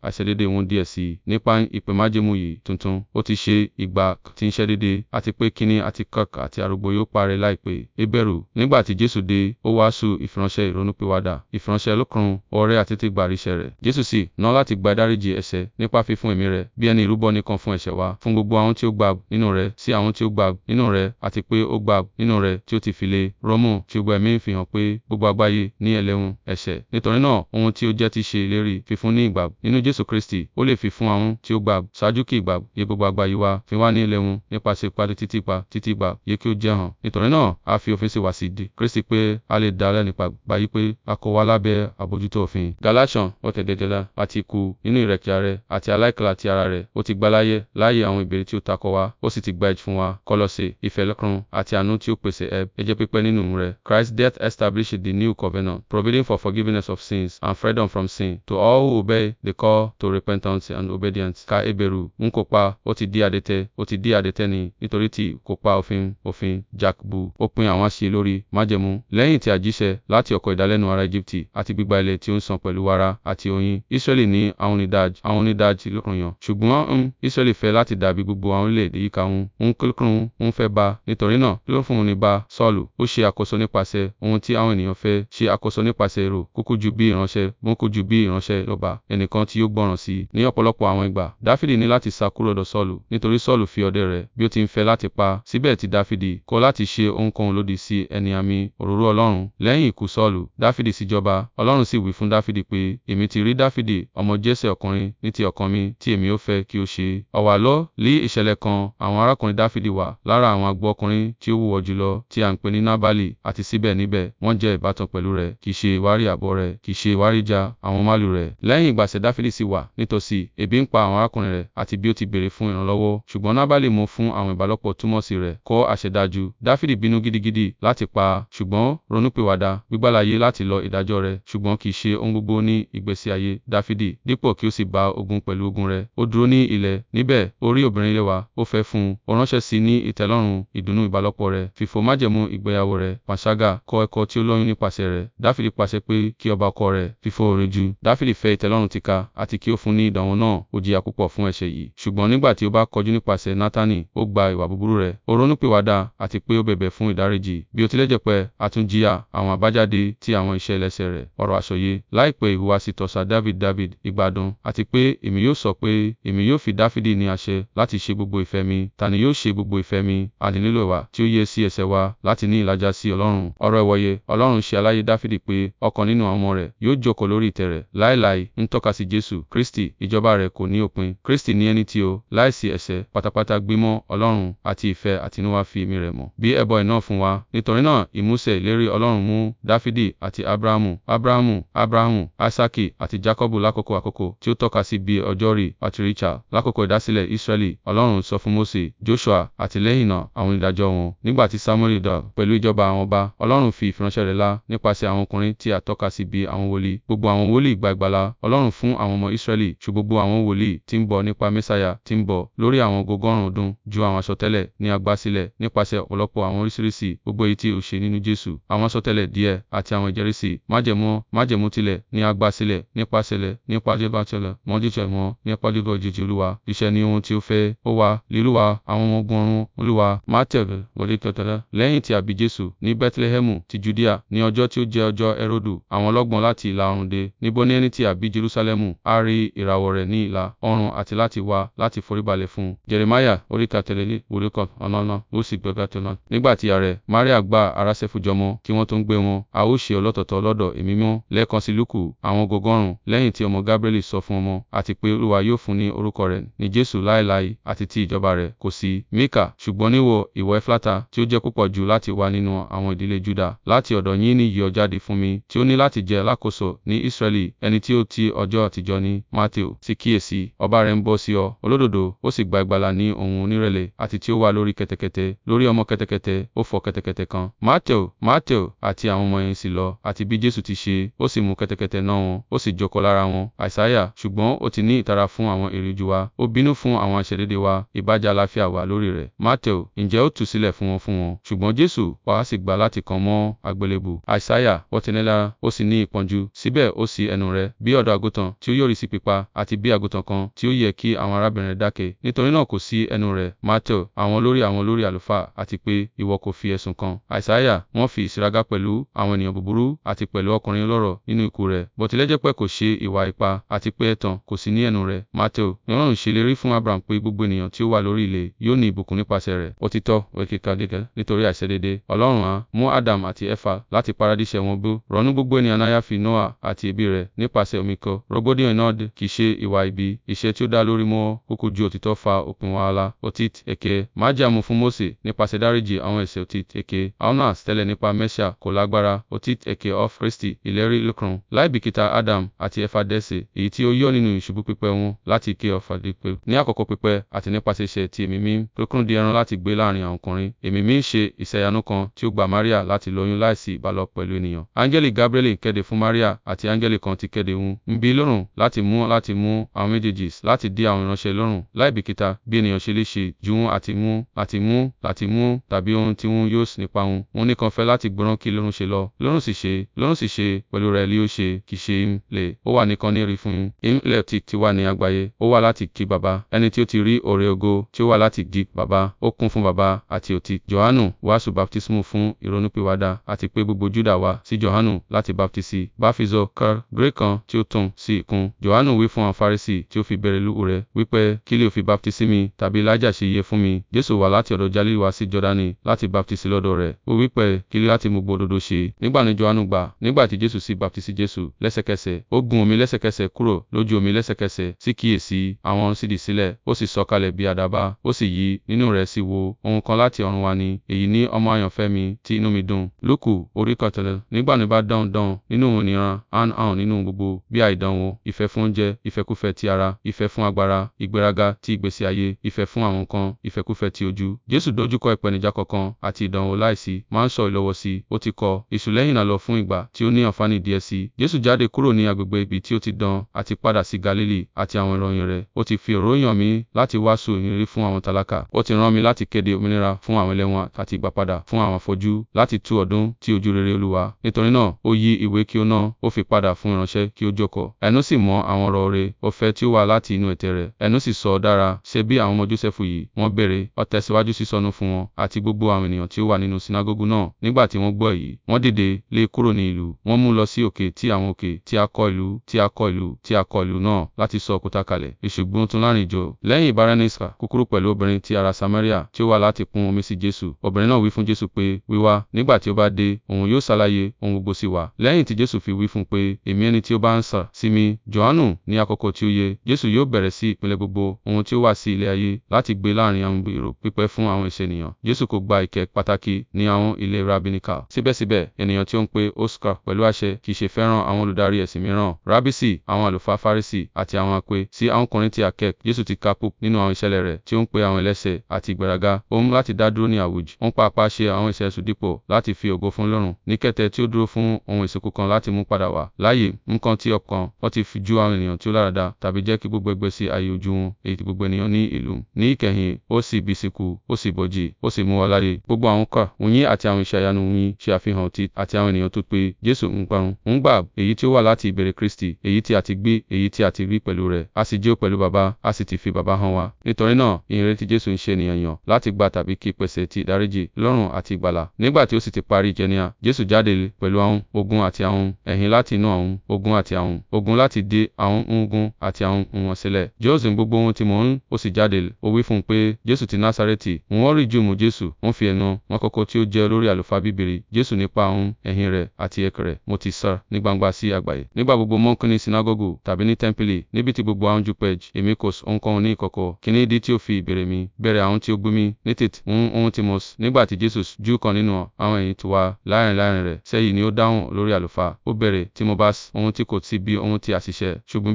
àṣedédé ohun díẹ̀ sí i nípa ìpè májẹ̀mú yìí tuntun. Ó ti ṣe ìgbà tí ń ṣe déédéé, àti pé kínní àti kọ̀k àti arúgbó yóò parẹ́ láìpẹ́. Hébérù Nígbà tí Jésù dé, ó wàásù ìfiránṣẹ́ ìrònúpìwàdà, ìfiránṣẹ́ lọ́kàn, ọrẹ àti títí ìgbàríṣẹ́ rẹ̀. Jésù sì ná láti gba ìdáríjì ẹ̀ṣẹ̀ nípa fífún ẹ̀mí rẹ̀ bí ẹni ìrúbọ nìkan fún ẹ̀ṣẹ̀ wa, fún gbogbo àwọn tí ó gbà nínú rẹ̀, sí àwọn tí ó gbà nínú rẹ̀, àti pé ó gbà nínú rẹ̀ tí ó ti fi lé. Rómù tí ó gba ẹ̀mí fi hàn pé gbogbo àgbáyé ní ẹlẹ́hùn ẹ̀ṣẹ̀. Nítorí náà, ohun tí ó jẹ́ ti ṣe ìlérí fífún ní ìgbà nínú Jésù Kristi sí, ó lè fi fún àwọn tí ó gbà ṣáájú kí ìgbà yẹ gbogbo àgbáyé wa fi wá ní ilé wọn nípasẹ̀ ìpàdé títí pa títí gbà yẹ kí ó jẹ́ hàn. Nítorí náà, a fi òfin sí wa sí di Kristi pé a lè dá lẹ́nu pàgbáyé pé a kó wa lábẹ́ àbójútó òfin. Galatian ọ̀tẹ̀dẹ̀dẹ̀la àti ikú nínú ìrẹ̀kẹ́ ara rẹ̀ àti aláìkàlà ti ara rẹ̀, ó ti gbà láyé láyé àwọn ìbéèrè tí ó takọ wa, ó sì ti gba ẹ̀jẹ̀ fún wa. Kọ́lọ́sì ìfẹ́ lọ́kàn àti àánú tí ó pèsè ẹ ẹ̀jẹ̀ pípẹ́ nínú rẹ̀. Christ's death established the new covenant, providing for forgiveness of sins and freedom from sin to all who obey the call to repent repentance and obedience. Ka Eberu, n kò pa, ó ti di adẹ́tẹ̀, ó ti di adẹ́tẹ̀ ni, nítorí tí kò pa òfin, òfin, Jakubu, ó pin àwọn àṣẹ lórí, májẹ̀mú. Lẹ́yìn tí a jíṣẹ́ láti ọkọ̀ ìdálẹ́nu ara Ejibiti àti gbígba ilẹ̀ tí ó ń san pẹ̀lú wàrà àti oyin, Israẹli ní àwọn onídàájì, àwọn onídàájì lọ́kùnrin yàn. um, Israẹli fẹ́ láti dàbí gbogbo àwọn orílẹ̀-èdè yíká òun, òun kíkún, òun fẹ́ ba, nítorí náà, kí ló fún òun ní ba, Sọ́ọ̀lù, ó ṣe àkóso nípasẹ̀ ohun tí àwọn ènìyàn fẹ́, ṣe àkóso nípasẹ̀ èrò, kúkú ju bí ìránṣẹ́, mú kú ju bí ìránṣẹ́ lọ́ba, ẹnìkan tí yóò gbọ́ràn sí i. Dafidi. Ní ọ̀pọ̀lọpọ̀ àwọn ìgbà, Dafidi ní láti sá kúrò lọ́dọ̀ Sọ́ọ̀lù, nítorí Sọ́ọ̀lù fi ọ̀dẹ̀ rẹ̀ bí ó ti ń fẹ́ láti pa á. Síbẹ̀ tí Dafidi kọ̀ láti ṣe ohunkóhun lòdì sí ẹni àmì òróró Ọlọ́run. Lẹ́yìn ikú Sọ́ọ̀lù, Dafidi sì jọba. Ọlọ́run sì wí fún Dafidi pé, “Èmi ti rí Dafidi ọmọ Jese ọkùnrin ní ti ọkàn mi tí èmi ó fẹ́ kí ó ṣe.” Ọ̀wàlọ́ lí ìṣẹ̀lẹ̀ kan, àwọn arákùnrin Dafidi wà lára àwọn agbo ọkùnrin tí ó wúwo jùlọ tí à ń pè ní Nabali, àti síbẹ̀ níbẹ̀ wọ́n jẹ́ ìbátan pẹ̀lú rẹ̀, kì í ṣe ìwárí àbọ̀ rẹ̀, kì í ṣe ìwárí Dafidi sì nítòsí, ebi ń pa àwọn arákùnrin rẹ̀ àti bí ó ti béèrè fún ìrànlọ́wọ́. Ṣùgbọ́n Nabali mú fún àwọn ìbálòpọ̀ túmọ̀ sí rẹ̀ kọ́ àṣedájú. Dafidi bínú gidigidi láti pa, ṣùgbọ́n ronúpìwàdà gbígbàláyé láti lọ ìdájọ́ rẹ̀, ṣùgbọ́n kì í ṣe ohun gbogbo ní ìgbésí ayé Dafidi. Dípò kí ó sì bá ogun pẹ̀lú ogun rẹ̀, ó dúró ní ilẹ̀, níbẹ̀ ó rí obìnrin lẹ́wà, ó fẹ́ fún un, ó ránṣẹ́ sí i ní ìtẹ́lọ́rùn, ìdùnnú ìbálòpọ̀ rẹ̀, fífò májẹ̀mú ìgbéyàwó rẹ̀, panṣágà, kọ́ ẹ̀kọ́ tí ó lóyún nípasẹ̀ rẹ̀. Dafidi pàṣẹ pé kí ọba ọkọ rẹ̀ fífò òrìjú ní ìdánwò náà, ó jìyà púpọ̀ fún ẹ̀ṣẹ̀ yìí. Ṣùgbọ́n nígbà tí ó bá kọjú nípasẹ̀ Natani, ó gba ìwà búburú rẹ̀, ó ronúpìwàdà àti pé ó bẹ̀bẹ̀ fún ìdáríjì. Bí ó tilẹ̀ jẹ́ a tún jìyà àwọn àbájáde ti àwọn iṣẹ́ ẹlẹ́ṣẹ̀ rẹ̀. Ọ̀rọ̀ àsọyé láìpẹ́ ìhùwàsí tọ̀sà David David ìgbádùn àti pé èmi yóò sọ pé èmi yóò fi Dáfídì ní àṣẹ láti ṣe gbogbo ìfẹ́ mi. Ta ni yóò ṣe gbogbo ìfẹ́ mi? A ní nílò ìwà tí ó yẹ sí ẹsẹ̀ wa láti ní ìlàjà sí Ọlọ́run. Ọ̀rọ̀ ìwòye Ọlọ́run ṣe aláyé Dáfídì pé ọ̀kan nínú àwọn ọmọ rẹ̀ yóò jókòó lórí ìtẹ́ rẹ̀ láéláé ń tọ́ka sí Jésù Kristi ìjọba rẹ̀ kò ní òpin. Kristi ni ẹni tí ó, láìsí ẹ̀ṣẹ̀, pátápátá gbímọ Ọlọ́run àti ìfẹ́ àtinúwá fi ẹ̀mí rẹ̀ mọ̀, bí ẹbọ iná fún wa. Nítorí náà ìmúṣẹ ìlérí Ọlọ́run mú Dafidi àti Abrahamu, Abrahamu, Abrahamu, Isaaki àti Jakọbu lákòókò àkókò tí ó tọ́ka sí bí ọjọ́ rí àti Richard lákòókò ìdásílẹ̀ Israẹli. Ọlọ́run sọ fún Mose, Joshua àti lẹ́yìn náà àwọn ìdájọ́ wọn. Nígbà tí Samuel dà pẹ̀lú ìjọba àwọn ọba, Ọlọ́run fi ìfiránṣẹ́ rẹ̀ lá nípasẹ̀ àwọn ọkùnrin tí a tọ́ka sí bí àwọn wòlíì. Gbogbo àwọn wòlíì gba ìgbàlà Ọlọ́run fún àwọn ọmọ Israẹli ju gbogbo àwọn wòlíì tí ń bọ̀ nípa Mẹ́sáyà tí ń bọ̀ lórí àwọn ọgọgọ́rùn ọdún ju àwọn àsọtẹ́lẹ̀ ní agbásílẹ̀ nípasẹ̀ ọ̀pọ̀lọpọ̀ àwọn oríṣiríṣi gbogbo èyí tí ó ṣe nínú Jésù. Àwọn àsọtẹ́lẹ̀ díẹ̀ àti àwọn ìjẹ́rìsí májẹ̀mú májẹ̀mú tilẹ̀ ní agbásílẹ̀ nípasẹ̀lẹ̀ nípa jẹ́bàtẹ̀lẹ̀ mọ́jíṣẹ́ wọn nípa lílọ ìjìjì Olúwa iṣẹ́ ní ohun tí ó fẹ́ ó wà lílúwa àwọn ọmọ ogun ọ̀run Olúwa mátẹ̀lẹ̀ wọlé tọ̀tẹ̀lẹ̀ lẹ́yìn tí a Jésù ní Bẹ́tílẹ́hẹ́mù ti Judea ní ọjọ́ tí ó jẹ́ ọjọ́ Herodu àwọn ọlọ́gbọ́n láti ìlà oòrùn dé níbo ní ẹni tí a bí a rí ìràwọ̀ rẹ̀ ní ìlà ọ̀run àti láti wá láti foríbalẹ̀ fún un. Jeremiah oríka tẹ̀lélé orúkọ ọ̀nàna ó sì gbẹ̀gbẹ̀ tó Nígbà tí ààrẹ Maria gba ara Sẹ́fù jọmọ kí wọ́n tó ń gbé wọn, a ó ṣe ọlọ́tọ̀ọ̀tọ̀ lọ́dọ̀ èmi mọ́ lẹ́ẹ̀kan sí Lúkù àwọn ọgọgọ́rùn-ún lẹ́yìn tí ọmọ Gabrieli sọ fún ọmọ àti pé Olúwa yóò fún ní orúkọ rẹ̀ ní Jésù láéláé àti ti ìjọba rẹ̀ kò sí. Míkà ṣùgbọ́n níwọ ìwọ Ẹ́flátà tí ó jẹ́ púpọ̀ jù láti wà nínú àwọn ìdílé Júdà láti ọ̀dọ̀ yín ní yíyọ jáde fún mi tí ó ní láti jẹ́ alákòóso ní Ísírẹ́lì ẹni tí ó ti ọjọ́ àtijọ́ ni. Má Matthew sì kíyèsí, ọba rẹ̀ ń bọ́ sí ọ, olódodo, ó sì gba ìgbàlà ní ohun onírẹ̀lẹ̀ àti tí ó wà lórí kẹ̀tẹ̀kẹ̀tẹ̀, lórí ọmọ kẹ̀tẹ̀kẹ̀tẹ̀, ó fọ kẹ̀tẹ̀kẹ̀tẹ̀ kan. Matthew, Matthew àti àwọn ọmọ yẹn sì lọ, àti bí Jésù ti ṣe, ó sì mú kẹ̀tẹ̀kẹ̀tẹ̀ náà wọn, ó sì jókòó lára wọn. Àìsáyà, ṣùgbọ́n ó ti ní ìtara fún àwọn èrìgì wa, ó bínú fún àwọn àìṣedéédé wa, ìbàjẹ́ àlàáfíà wà lórí rẹ̀. Matthew, ǹjẹ́ ó tú sílẹ̀ fún wọn fún wọn, ṣùgbọ́n Jésù wá sì gbà láti kàn mọ́ àgbélébùú. Àìsáyà, wọ́n ti ní ó sì ní ìpọ́njú, síbẹ̀ ó ṣí ẹnu rẹ̀, bí ọ̀dọ́ àgùntàn tí ó yóò sí pípa, àti bí àgùntàn kan tí ó yẹ kí àwọn arábìnrin rẹ̀ dákẹ́. Nítorí náà kò sí ẹnu rẹ̀. Mateo, àwọn olórí àwọn olórí àlùfáà, àti pé ìwọ kò fi ẹ̀sùn kan. Isaiah, wọ́n fi ìsíraga pẹ̀lú àwọn ènìyàn búburú àti pẹ̀lú ọkùnrin ọlọ́rọ̀ nínú ikú rẹ̀. Bọ̀tilẹ́jẹ́pẹ́ kò ṣe ìwà ipá àti pé ẹ̀tàn kò sí ní ẹnu rẹ̀. Mateo, ni Ọlọ́run ṣe ìlérí fún Abraham pé gbogbo ènìyàn tí ó wà lórí ilẹ̀ yóò ní ìbùkún nípasẹ̀ rẹ̀. Òtítọ́, òkìkà gẹ́gẹ́ nítorí àìṣedéédé. Ọlọ́run á mú Adam àti efa láti paradíṣẹ́ wọn bó. Rònú gbogbo ènìyàn náà yáfi Noah àti ẹbí rẹ̀ nípasẹ̀ omi kọ. Rògbòdìyàn náà ìṣe ìwà ibi, iṣẹ́ tí ó dá lórí mímọ́, ó kojú òtítọ́ fa òpin wàhálà. Ọ̀tít èké, májẹ̀mú fún Mose nípasẹ̀ dáríjì àwọn ẹ̀ṣẹ̀ ọ̀tít èké. Aunas tẹ́lẹ̀ nípa Mẹ́ṣà kò lágbára. Ọ̀tít èké of Kristi, ìlérí lókun. Láìbìkítà Adam àti Ẹ̀fà dẹ́ṣẹ̀, èyí tí ó yọ nínú ìṣubú pípẹ́ wọn láti ké ọ̀fà dípẹ́. Ní àkókò pípẹ́ àti nípasẹ̀ iṣẹ́ ti Ẹ̀mí Mímọ́, lókun di ẹran láti gbé láàrin àwọn ọkùnrin. Ẹ̀mí Mímọ́ ṣe ìṣẹ̀yanu kan tí ó gba Maria láti lóyún láìsí ìbálò pẹ̀lú ènìyàn. Áńgẹ́lì Gabrieli kéde fún Maria àti áńgẹ́lì kan ti kéde hun. Ń bí lọ́rùn láti mú láti láti mú àwọn méjèèjì láti dí àwọn ìránṣẹ́ lọ́rùn láìbìkítà bí ènìyàn ṣe lè ṣe ju wọn àti mú àti mú láti mú tàbí ohun tí wọn yóò nípa wọn. Wọn nìkan fẹ́ láti gbọ́ràn kí lọ́rùn ṣe lọ. Lọ́rùn sì ṣe, lọ́rùn sì ṣe pẹ̀lú rẹ̀ lé ó ṣe kì í ṣe im lè. Ó wà nìkan ní rí fún un. Im lè ti ti wà ní àgbáyé. Ó wà láti kí bàbá. Ẹni tí ó ti rí òrè ògo tí ó wà láti di bàbá. Ó kún fún bàbá àti òtí. Jòhánù wàásù baptismu fún ìrònúpìwàdà àti pé gbogbo Júdà wá sí Jòhánù láti baptisi. Báfizọ kar Gírí kan tí ó tún sí ìkún. Jòhánù wí fún àwọn Farisi tí ó fi bẹ̀rẹ̀ lúwù rẹ̀, wípé, kí lè o fi baptisimi tàbí Elijah ṣe iye fún mi? Jesu wá láti ọ̀dọ̀ Galili wá sí Jọ́dánì láti baptisi lọ́dọ̀ rẹ̀. Ó wípé, kí láti mú gbogbo òdodo ṣe? Nígbà ni Johanu gbà, nígbà tí Jesu sì baptisi Jesu lẹ́sẹ̀kẹsẹ̀, ó gun omi lẹ́sẹ̀kẹsẹ̀ kúrò lójú omi lẹ́sẹ̀kẹsẹ̀ sí kíyèsí, àwọn ọ̀run sì dì sílẹ̀, ó sì sọ̀kalẹ̀ bí àdàbà, ó sì yí, nínú rẹ̀ sì wo, ohun kan láti ọ̀run wá ni, èyí ni ọmọ àyànfẹ́ mi tí inú mi dùn. Lúkù, orí kọtẹlẹ, nígbà ni bá dán dán, nínú òun nìran, án hàn nínú gbogbo, bí àìdánwò, ìfẹ́ fún oúnjẹ, ìfẹ́kúfẹ̀ẹ́ ti ara, ìfẹ́ fún agbára, ìgbéraga ti ìgbésí ayé, ìfẹ́ fún àwọn nǹkan, ìfẹ́kúfẹ̀ẹ́ ti ojú. Jesu dojúkọ ìpèníjà kọ̀ọ̀kan àti ìdánwò láìsí máa ń sọ ìlọ́wọ́ sí, ó ti kọ èṣù lẹ́yìn ìrànlọ́ fún ìgbà tí ó ní àǹfààní díẹ̀ sí. Jesu jáde kúrò ní agbègbè ibi tí ó ti dán àti padà sí Galili àti àwọn ìròyìn rẹ̀. Ó ti fi òróró yàn mí láti wàásù ìyìnrere fún àwọn tálákà. Ó ti rán mi láti kéde òmìnira fún àwọn ẹlẹ́wọ̀n àti ìgbàpadà fún àwọn afọ́jú láti tú ọdún ti ojú rere Olúwa. Nítorí náà, ó yí ìwé kí ó ná, ó fi padà fún ìránṣẹ́ kí ó jókòó. Ẹnu sì mọ́ àwọn ọ̀rọ̀ oore ọ̀fẹ́ tí ó wá láti inú ètè rẹ̀. Ẹnu sì sọ dára, ṣe bí àwọn ọmọ Josẹfu yìí, wọ́n béèrè, ó tẹ̀síwájú sísọnù fún wọn, àti gbogbo àwọn ènìyàn tí ó wà nínú Sinagógù náà. Nígbà tí wọ́n gbọ́ èyí, wọ́n dìde, lé e kúrò ní ìlú, wọ́n mú lọ sí òkè tí àwọn òkè tí a kọ́ ìlú, tí a kọ́ ìlú, tí a kọ́ ìlú náà, láti sọ òkúta kalẹ̀. Èṣù tún láàrín ìjọ. Lẹ́yìn ìbáraẹnisà kúkúrú pẹ̀lú obìnrin ti ara Samaria tí ó wá láti pọn omi sí Jesu, obìnrin náà wí fún Jesu pé, wíwá, nígbà tí ó bá dé, òun yóò ṣàlàyé ohun gbogbo sí wa. Lẹ́yìn tí Jesu fi wí fún un pé, èmi ẹni tí ó bá ń sà sí mi, Johanu Ní àkókò tí ó yẹ, Jesu yóò bẹ̀rẹ̀ sí ìpìlẹ̀ gbogbo ohun tí ó wá sí ilẹ̀ ayé láti gbé láàrín àwọn èrò pípé fún àwọn ẹ̀ṣẹ̀ ènìyàn. kò gba ìkẹ́ pàtàkì ní àwọn ilé Rabbinikal. Síbẹ̀síbẹ̀, ènìyàn tí ó ń pe Oscar pẹ̀lú àṣẹ kì í ṣe fẹ́ràn àwọn olùdarí ẹ̀sìn mìíràn. Rábìsì, àwọn àlùfáà Farisi àti àwọn àpè sí àwọn ọkùnrin ti akẹ́k. Jesu ti ka púpọ̀ nínú àwọn ìṣẹ̀lẹ̀ rẹ̀ tí ó ń pe àwọn ẹlẹ́ṣẹ̀ àti ìgbéraga. Ó mú láti dá dúró ní àwùjọ. Ó ń pàápàá ṣe àwọn iṣẹ́ dípò láti fi ògo fún Ọlọ́run. Ní kété tí ó dúró fún ohun ìsìnkú kan láti mú padà wá láàyè, nǹkan tí ọkàn wọn ti fi ju àwọn ènìyàn tí ó láradá tàbí jẹ́ kí gbogbo ẹgbẹ́ sí ayé ojú wọn, èyí tí gbogbo ènìyàn ní ìlú. Ní ìkẹyìn, ó sì bí síkú, ó sì bòjì, ó sì mú wa láre. Gbogbo àwọn kà, wọ̀nyí àti àwọn iṣẹ́ ìyanu wọ̀nyí ṣe àfihàn òtí àti àwọn ènìyàn tó pé Jésù ń parun. Ń gbà èyí tí ó wà láti ìbẹ̀rẹ̀ Kristi, èyí tí a ti gbé, èyí tí a ti rí pẹ̀lú rẹ̀, a sì jẹ́ pẹ̀lú Bàbá, a sì ti fi Bàbá hàn wá. Nítorí náà, ìyìnrere tí Jésù ń ṣe ènìyàn yàn láti gba tàbí kí pèsè ti ìdáríjì, lọ́rùn àti ìgbàlà. Nígbà tí ó sì ti parí ìjẹniya, Jésù jáde pẹ̀lú ahun, ogun àti ahun, ẹ̀yìn láti inú ahun, ogun àti ahun, ogun láti dé ahun ohun ogun àti àwọn ohun wọn sílẹ̀. Jọ́ọ̀sì ń gbogbo ohun tí mò ń, ó sì jáde, ó wí fún un pé, Jésù ti Násárẹ́tì. Wọ́n rí Júù mú Jésù, wọ́n fi ẹ̀nà wọn kọ́kọ́ tí ó jẹ́ olórí àlùfáà bíbèrè, Jésù nípa ohun ẹ̀yìn rẹ̀ àti ẹ̀kẹ́ rẹ̀, mo ti sá ní gbangba sí àgbáyé. Nígbà gbogbo mọ́ńkì ní sinagogu tàbí ní tẹ́ḿpìlì, níbi tí gbogbo àwọn Júù pẹ̀j, èmi kò sọ ohunkóhun ní ìkọ̀kọ̀, kí ni ìdí tí ó fi ìbéèrè mi, bẹ̀rẹ̀ àwọn tí ó gbé mi, ní tètè, ń ohun tí mo sọ. Nígbà tí Jésù jù kan nínú àwọn ẹ̀yìn tó wà láàrin láàrin rẹ̀, sẹ́yìn ni ó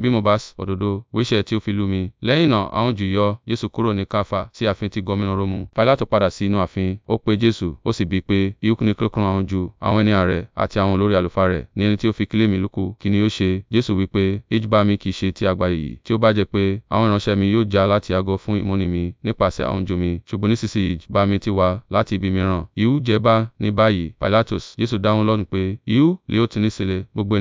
bí mo bá òdodo wíṣẹ́ tí ó fi lú mi. Lẹ́yìn náà, àwọn Júù yọ Jésù kúrò ní Káfà sí ààfin ti gómìnà Rómù. Pílátù padà sí inú ààfin, ó pe Jésù, ó sì bíi pé, irú kíni kíkún àwọn Júù, àwọn ènìyàn rẹ̀ àti àwọn olórí àlùfáà rẹ̀, ní ẹni tí ó fi kílèmí lùkù, kí ni yóò ṣe? Jésù wí pé, ìjọba mi kì í ṣe ti àgbáyé yìí, tí ó bá jẹ́ pé àwọn ìránṣẹ́ mi yóò jà láti àgọ́ fún ìmúni mi nípasẹ̀ àwọn Júù mi, ṣùgbọ́n nísinsìnyí ìjọba Pilatus, Jésù dáhùn lọ́nà pé, irú lè ó ti ní sílẹ̀, gbogbo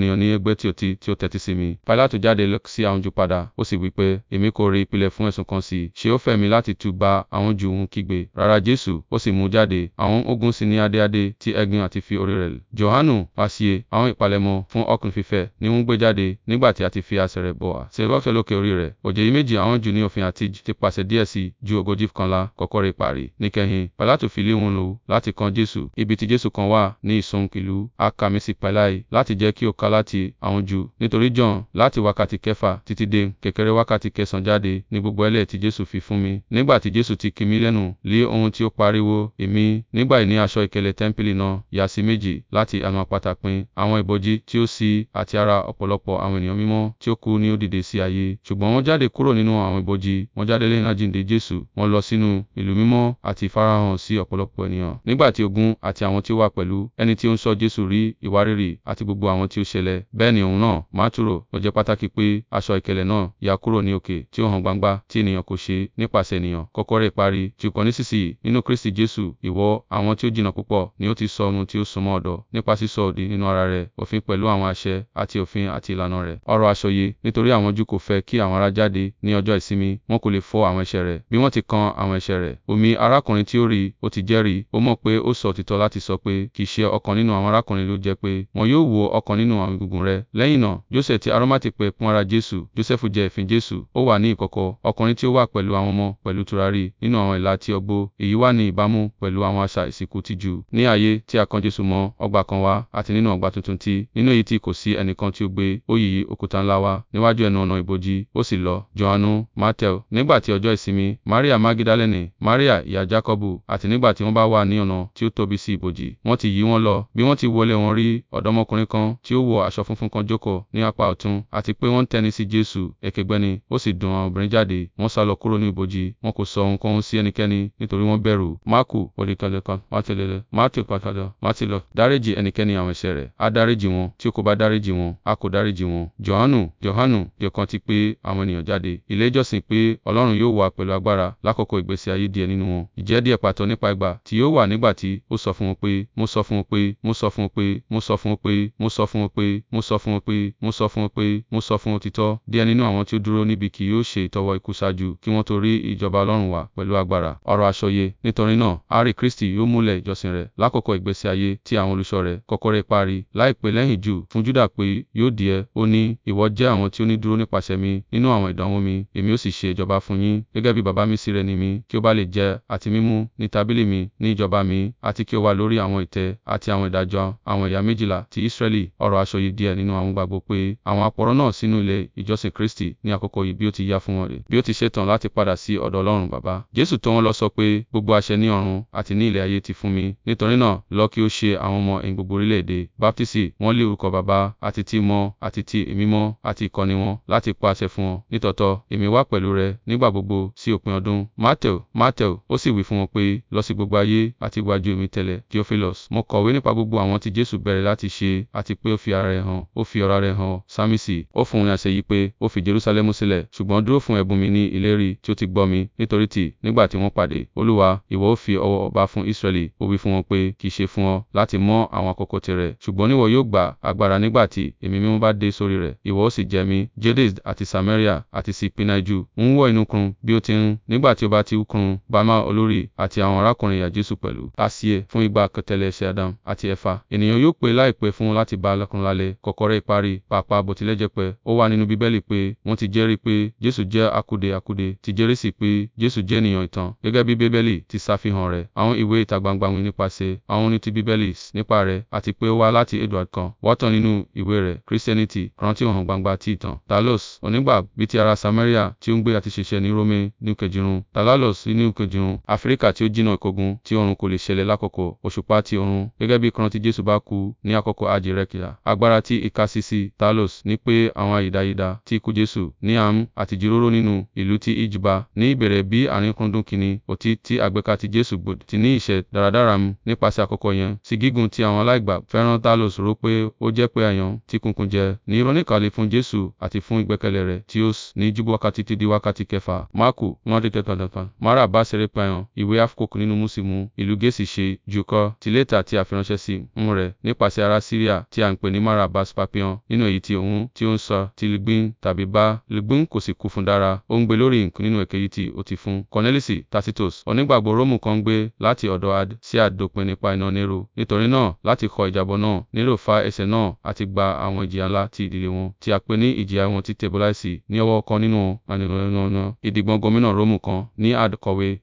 Pilatus jáde sí ahunjú padà, ó sì wí pé, èmi kò rí ìpìlẹ̀ fún ẹ̀sùn kan sí i. Ṣé ó fẹ́ mi láti tú bá ahunjú òun kígbe? Rárá Jésù, ó sì mú jáde. Àwọn ogun sì ní adéadé ti ẹ̀gbin àti fi orí rẹ̀. Jòhánù, àṣìyẹ, àwọn ìpalẹ̀mọ́ fún ọkùnrin fífẹ́ ni wọ́n gbé jáde nígbà tí a ti fi àṣẹ rẹ̀ bọ̀ wá. Ṣé wọ́n fẹ́ lókè orí rẹ̀? Òjèyí méjì àwọn Júù ní òfin àti ti pàṣẹ díẹ̀ sí ju ogójì kanlá kọ́kọ́rẹ́ ìparí. Níkẹyìn, Pẹ̀látù fi lé wọn lò láti kan Jésù. Ibi tí Jésù kan wà ní ìsun ìlú Akamisi Pẹ̀láì láti jẹ́ kí ó ká láti àwọn Júù. Nítorí John láti wákàtí kẹfà títí dé kẹ̀kẹ́rẹ́ wákàtí kẹsàn jáde ní gbogbo ẹlẹ̀ tí Jésù fi fún mi. Nígbà tí Jésù ti kì mí lẹ́nu lé ohun tí ó pariwo, èmi, nígbà yìí ní aṣọ ìkélé tẹ́ḿpìlì náà yà sí méjì láti ẹnu àpáta pin, àwọn ibojì tí ó ṣí àti ara ọ̀pọ̀lọpọ̀ àwọn ènìyàn mímọ́ tí ó kú ni ó dìde sí ayé. Ṣùgbọ́n wọ́n jáde kúrò nínú àwọn ibojì, wọ́n jáde lẹ́yìn àjíǹde Jésù, wọ́n lọ sínú ìlú mímọ́ àti ìfarahàn sí ọ̀pọ̀lọpọ̀ ènìyàn. Nígbà tí ogun àti àwọn tí ó wà pẹ̀lú ẹni tí ó ń sọ Jésù rí ìwárìrì àti gbogbo àwọn tí ó ṣẹlẹ̀, bẹ́ẹ̀ ni òun náà, Mátúrò, ó jẹ́ pàtàkì pé aṣọ ìkélé náà ya kúrò ní òkè tí ó hàn gbangba tí ènìyàn kò ṣe nípasẹ̀ ènìyàn. Kọ́kọ́rọ́ ìparí, ṣùgbọ́n nísinsìnyí, nínú Kristi Jésù, ìwọ, àwọn tí ó jìnnà púpọ̀ ni ó ti sọ ohun tí ó súnmọ́ ọ̀dọ̀ nípa sísọ òdì nínú ara rẹ̀, òfin pẹ̀lú àwọn àṣẹ àti òfin àti ìlànà rẹ̀. Ọ̀rọ̀ àsọyé, nítorí àwọn Júù kò fẹ́ kí àwọn ará jáde ní ọjọ́ ìsinmi, wọn kò lè fọ àwọn ẹ̀ṣẹ̀ rẹ̀, bí wọ́n ti kan àwọn ẹ̀ṣẹ̀ rẹ̀. Omi arákùnrin tí ó rí, ó ti jẹ́rìí, ó mọ̀ pé ó sọ òtítọ́ láti sọ pé, kì ṣe ọ̀kan nínú àwọn arákùnrin ló jẹ́ pé, wọn yóò wo ọ̀kan nínú àwọn egungun rẹ̀. Lẹ́yìn náà, Josẹ ti Aromati pè fún ìyá Jésù, Jósẹ́fù jẹ́ ìfín Jésù, ó wà ní ìkọ̀kọ̀, ọkùnrin tí ó wà pẹ̀lú àwọn ọmọ, pẹ̀lú tùràrí, nínú àwọn ìlà ti ògbó, èyí wà ní ìbámu pẹ̀lú àwọn àṣà ìsìnkú ti Júù. Ní ayé tí a kan Jésù mọ́ ọgbà kan wà, àti nínú ọgbà tuntun tí, nínú èyí tí kò sí ẹnìkan tí ó gbé, ó yí òkúta ńlá wá, níwájú ẹnu ọ̀nà ibojì, ó sì lọ. Johanu, Mateu, nígbà tí ọjọ́ ìsinmi, Maria Magdalene, Maria ìyá Jakọbu, àti nígbà tí wọ́n bá wà ní ọ̀nà tí ó tóbi sí ibojì, wọ́n ti yí wọn lọ. Bí wọ́n ti wọlé wọn rí ọ̀dọ́mọkùnrin kan tí ó wọ aṣọ funfun kan jókòó ní apá ọ̀tún, àti pé wọ́n ń Kristẹni sí Jésù, ẹ̀kẹgbẹ́ni, ó sì dun àwọn obìnrin jáde, wọ́n sálọ kúrò ní ibojì, wọn kò sọ ohunkóhun sí ẹnikẹ́ni, nítorí wọ́n bẹ̀rù. Máàkù, oríkàlẹ́kà, mátìlélẹ̀, mátì pàtàkì, mátì lọ. Dáríjì ẹnikẹ́ni àwọn ẹ̀ṣẹ̀ rẹ̀, á dáríjì wọn, tí ó kò bá dáríjì wọn, a kò dáríjì wọn. Jòhánù, Jòhánù, di ọ̀kan ti pé àwọn ènìyàn jáde. Ilé ìjọsìn pé Ọlọ́run yóò wà pẹ̀lú agbára lákòókò ìgbésí ayé díẹ̀ nínú wọn. Ìjẹ́ díẹ̀ pàtó nípa ìgbà tí yóò wà nígbà tí ó sọ fún wọn pé, mo sọ fún wọn pé, mo sọ fún wọn pé, mo sọ fún wọn pé, mo sọ fún wọn pé, mo sọ fún wọn pé, mo sọ fún wọn pé, mo sọ fún fún òtítọ́, díẹ̀ nínú àwọn tí ó dúró níbi kì yóò ṣe ìtọwọ́ ikú ṣáájú kí wọ́n tó rí ìjọba Ọlọ́run wá pẹ̀lú agbára. Ọ̀rọ̀ àsọyé Nítorí náà, àárí Kristi yóò múlẹ̀ ìjọsìn rẹ̀ lákòókò ìgbésí ayé tí àwọn olùṣọ́ rẹ̀ kọ́kọ́rẹ́ parí láìpẹ́ lẹ́yìn jù fún Júdà pé yóò di ẹ́. Ó ní, ìwọ jẹ́ àwọn tí ó ní dúró nípasẹ̀ mi nínú àwọn ìdánwò mi, èmi ó sì ṣe ìjọba fún yín gẹ́gẹ́ bí baba mi sí rẹ̀ ní mi kí ó bá lè jẹ àti mímú ní tábìlì mi ní ìjọba mi àti kí ó wà lórí àwọn ìtẹ́ àti àwọn ìdájọ́ àwọn ẹ̀yà méjìlá ti Israẹli. Ọ̀rọ̀ àsọyé díẹ̀ nínú àwọn gbàgbọ́ pé àwọn àpọ̀rọ̀ náà sínú ilé ìjọsìn Kristi ní àkókò yìí bí ó ti yá fún wọn rè, bí ó ti ṣetán láti padà sí ọ̀dọ̀ Ọlọ́run Bàbá. Jésù tọ̀ wọ́n lọ sọ pé, gbogbo àṣẹ ní ọ̀run àti ní ilẹ̀ ayé ti fún mi. Nítorí náà, lọ kí ó ṣe àwọn ọmọ ẹ̀yìn gbogbo orílẹ̀-èdè. Báptísì, wọ́n lé orúkọ Bàbá àti ti Ọmọ àti ti Ẹ̀mí mọ́ àti ìkọ́ni wọn láti pa àṣẹ fún wọn. Nítòótọ́, èmi wà pẹ̀lú rẹ nígbà gbogbo sí òpin ọdún. Mátẹ̀ò, Mátẹ̀ò, ó sì wí fún wọn pé, lọ sí gbogbo ayé àti wájú èmi tẹ́lẹ̀, Theophilus. Mo kọ̀wé nípa gbogbo àwọn tí Jésù bẹ̀rẹ̀ láti ṣe àti pé ó fi ara rẹ̀ hàn, ó fi ọ̀rá rẹ̀ hàn Sámísì, ó fún un ṣe yí pé ó fi Jerusalẹmu sílẹ̀, ṣùgbọ́n dúró fún ẹ̀bùn mi ní ìlérí tí ó ti gbọ́ mi, nítorí tí, nígbà tí wọ́n pàdé, Olúwa, ìwọ ó fi ọwọ́ ọba fún Israẹli, ó wí fún wọn pé, kì í ṣe fún ọ láti mọ àwọn àkókò tirẹ̀, ṣùgbọ́n níwọ yóò gba agbára nígbà tí Ẹ̀mí Mímọ́ bá dé sórí rẹ̀, ìwọ ó sì jẹ mí, Jades àti Samaria àti sí Pinaju, ń wọ inú kurun bí ó ti ń, nígbà tí ó bá ti ń kurun, Bama olórí àti àwọn arákùnrin ìyá Jésù pẹ̀lú, Asie fún ìgbà kẹtẹlẹ ẹsẹ̀ Adam àti Ẹ̀fà, ènìyàn yóò pé láìpẹ́ fún láti bá lọ́kùnrin lálẹ́, kọ̀kọ̀rẹ́ ìparí, pàápàá bó tilẹ̀ jẹ́ pé ó wà wà nínú Bíbélì pé wọ́n ti jẹ́rìí pé Jésù jẹ́ àkúdè àkúdè ti jẹ́rìí sí pé Jésù jẹ́ ènìyàn ìtàn gẹ́gẹ́ bí Bíbélì ti ṣàfihàn rẹ̀. Àwọn ìwé ìta gbangba wọ̀nyí nípasẹ̀ àwọn oní ti Bíbélì nípa rẹ̀ àti pé ó wá láti Edward kan. Wharton nínú ìwé rẹ̀ Christianity rántí ohun gbangba ti ìtàn. Talos onígbà bíi ti ará Samaria tí ó ń gbé àti ṣiṣẹ́ ní Rome ní kejìrún. Talalos ní kejìrún Áfíríkà tí ó jìnnà ìkógun tí oòrùn kò lè ṣẹlẹ̀ lákòókò òṣùpá ti oòrùn gẹ́gẹ́ bí kan tí Jésù bá kú ní àkókò àjẹrẹ́kìlá. Agbára ti ìkásísí Talos ni pé àwọn àyè àìdáyidá ti ikú Jesu. Ní àmú àti jíròrò nínú ìlú ti Ìjùbà, ní ìbẹ̀rẹ̀ bí àríkúndùn kìíní, òtí ti àgbékà ti Jesu gbòdì ti ní ìṣe dáradára mu nípasẹ̀ àkókò yẹn. Sí gígùn tí àwọn aláìgbà fẹ́ràn Talos rò pé ó jẹ́ pé àyàn ti kunkun jẹ, ní ìrọ́nìkàlẹ̀ fún Jesu àti fún ìgbẹ́kẹ̀lé rẹ̀ tí ó ní júbọ wákàtí ti di wákàtí kẹfà. Máàkù, wọ́n dé tẹ̀tọ̀tẹ̀tọ̀. Mara bá ṣeré pé àyàn, ìwé àfikòkù nínú Músìmù, ìlú Gẹ̀ẹ́sì ṣe jù kọ́, ti lẹ́tà tí a fi ránṣẹ́ sí, ń rẹ̀ nípasẹ̀ ará Síríà tí a ń pè ní Mara bá Spapion, nínú èyí tí tí Ligbin tàbí bá. Ligbin kò sì kú fún dára, ó ń gbé lórí nǹkan nínú èkejì tí ó ti fún. Cornelisi Tacitus, onígbàgbọ́ Rómù kan gbé láti ọ̀dọ̀ Ad sí Ad nípa iná Nero. Nítorí náà, láti kọ ìjábọ̀ náà, Nero fa ẹ̀ṣẹ̀ náà àti gba àwọn ìjìyà ńlá ti ìdílé wọn, tí a pè ní ìjìyà wọn ti Tebulaisi ní ọwọ́ kan nínú ànínúnà. Ìdìgbọ́n gómìnà Rómù kan ní Ad kọ̀wé,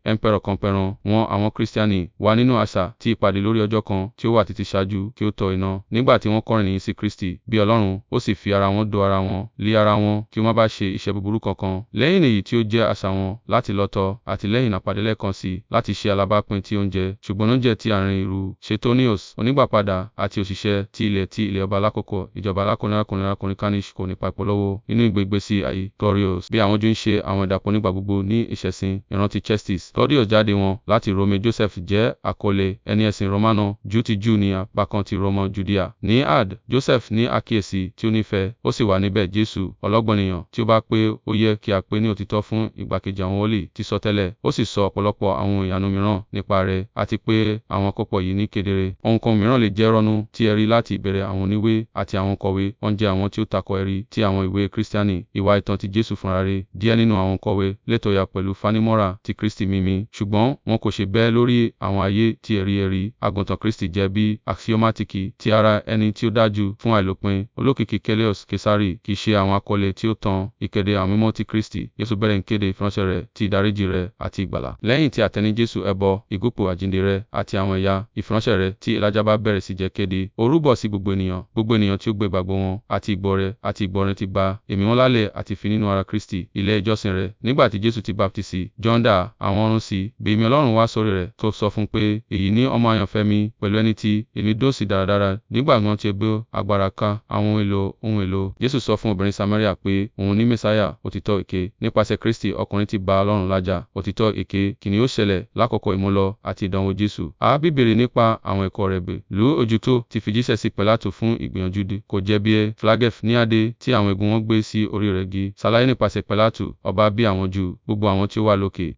kan pẹran wọn àwọn Kírísítíánì wà nínú àṣà ti ìpàdé lórí ọjọ́ kan tí ó wà títí ṣáájú kí ó tọ iná. Nígbà tí wọ́n kọ̀rìn sí Kristi bí Ọlọ́run, ó sì fi ara wọn do ara wọn lé ara wọn kí wọ́n má bá ṣe iṣẹ́ búburú kankan. Lẹ́yìn èyí tí ó jẹ́ àṣà wọn láti lọ tọ̀ àti lẹ́yìn àpàdé lẹ́ẹ̀kan sí láti ṣe alábápín ti oúnjẹ, ṣùgbọ́n oúnjẹ ti àárín ìlú, Suetonius, onígbàpadà àti òṣìṣẹ́ ti ilẹ̀ ti ilẹ̀ ọba lákòókò ìjọba alákùnrin arákùnrin arákùnrin Carnish kò nípa ìpolówó nínú ìgbé ìgbésí ayé Claudius bí àwọn Júù ń ṣe àwọn ìdàpọ̀ nígbà gbogbo ní ìṣẹ̀sìn ìrántí Chestis. Claudius jáde wọn láti Rome Joseph jẹ́ àkọlé ẹni ẹ̀sìn Romano, Júù ti Júù ní apá kan ti Roman Judea. Ní Ad, Joseph ní àkíyèsí tí ó nífẹ̀ẹ́, ó sì wà níbẹ̀ Jésù Jésù, ọlọ́gbọ́n ènìyàn tí ó bá pé ó yẹ kí a pè ní òtítọ́ fún ìgbàkejì àwọn wòlíì ti sọ tẹ́lẹ̀, ó sì sọ ọ̀pọ̀lọpọ̀ àwọn ìyanu mìíràn nípa rẹ̀, àti pé àwọn àkópọ̀ yìí ní kedere. Ohunkóhun mìíràn lè jẹ́ ìrunú tí ẹ̀rí láti ìbẹ̀rẹ̀ àwọn oníwè àti àwọn òǹkọ̀wé, wọ́n jẹ́ àwọn tí ó tako ẹ̀rí ti àwọn ìwé Kristiánì, ìwà ìtàn ti Jésù fúnra rẹ̀. Díẹ̀ nínú àwọn òǹkọ̀wé lè pẹ̀lú fanimọ́ra ti Kristi mímí, ṣùgbọ́n wọn kò ṣe bẹ́ẹ̀ lórí àwọn ààyè tí ẹ̀rí ẹ̀rí àgùntàn Kristi jẹ́ bí axiomatic ti ara ẹni tí ó dájú fún àìlópin. Olókìkí Keleos Kesari kì í ṣe àwọn àkọlé tí ó tán, ìkéde àwọn mímọ́ ti Kristi, Jesu bẹ̀rẹ̀ ń kéde ìfiránṣẹ́ rẹ̀, ti ìdáríjì rẹ̀ àti ìgbàlà. Lẹ́yìn tí àtẹni Jesu ẹbọ, ìgúnpò àjíǹde rẹ̀ àti àwọn ẹ̀yà ìfiránṣẹ́ rẹ̀ tí Elijah bá bẹ̀rẹ̀ sí jẹ́ kéde, ó rúbọ sí gbogbo ènìyàn, gbogbo ènìyàn tí ó gbé ìgbàgbọ́ wọn àti ìgbọ́ rẹ̀ àti ìgbọ́ rẹ̀ ti gba ẹ̀mí wọn lálẹ̀ àti fi nínú ara Kristi, ilé ìjọsìn rẹ̀. Nígbà tí Jesu ti baptisi, John dá àwọn ọ̀run sí, bí ẹ̀mí Ọlọ́run wá sórí rẹ̀, tó sọ fún pé, èyí ni ọmọ àyànfẹ́ mi, pẹ̀lú ẹni tí èmi dó sí dáradára. Nígbà gan tí ó gbé agbára ká àwọn ohun èlò ohun èlò, Jesu sọ fún fún obìnrin Samaria pé òun ní Mẹ́sáyà, òtítọ́ èké. Nípasẹ̀ Kristi ọkùnrin ti bá Ọlọ́run lájà, òtítọ́ èké. Kí ni ó ṣẹlẹ̀ lákòókò ìmúlọ àti ìdánwò Jésù? A bí béèrè nípa àwọn ẹ̀kọ́ rẹ̀ bè. Lù ojú ti fi jíṣẹ́ sí Pẹ̀látù fún ìgbìyànjú dé. Kò jẹ́ bí ẹ. Flagef ní adé tí àwọn egun wọn gbé sí orí rẹ̀ gi. Ṣàlàyé nípasẹ̀ Pẹ̀látù, ọba bí àwọn Júù, gbogbo àwọn tí ó wà lókè.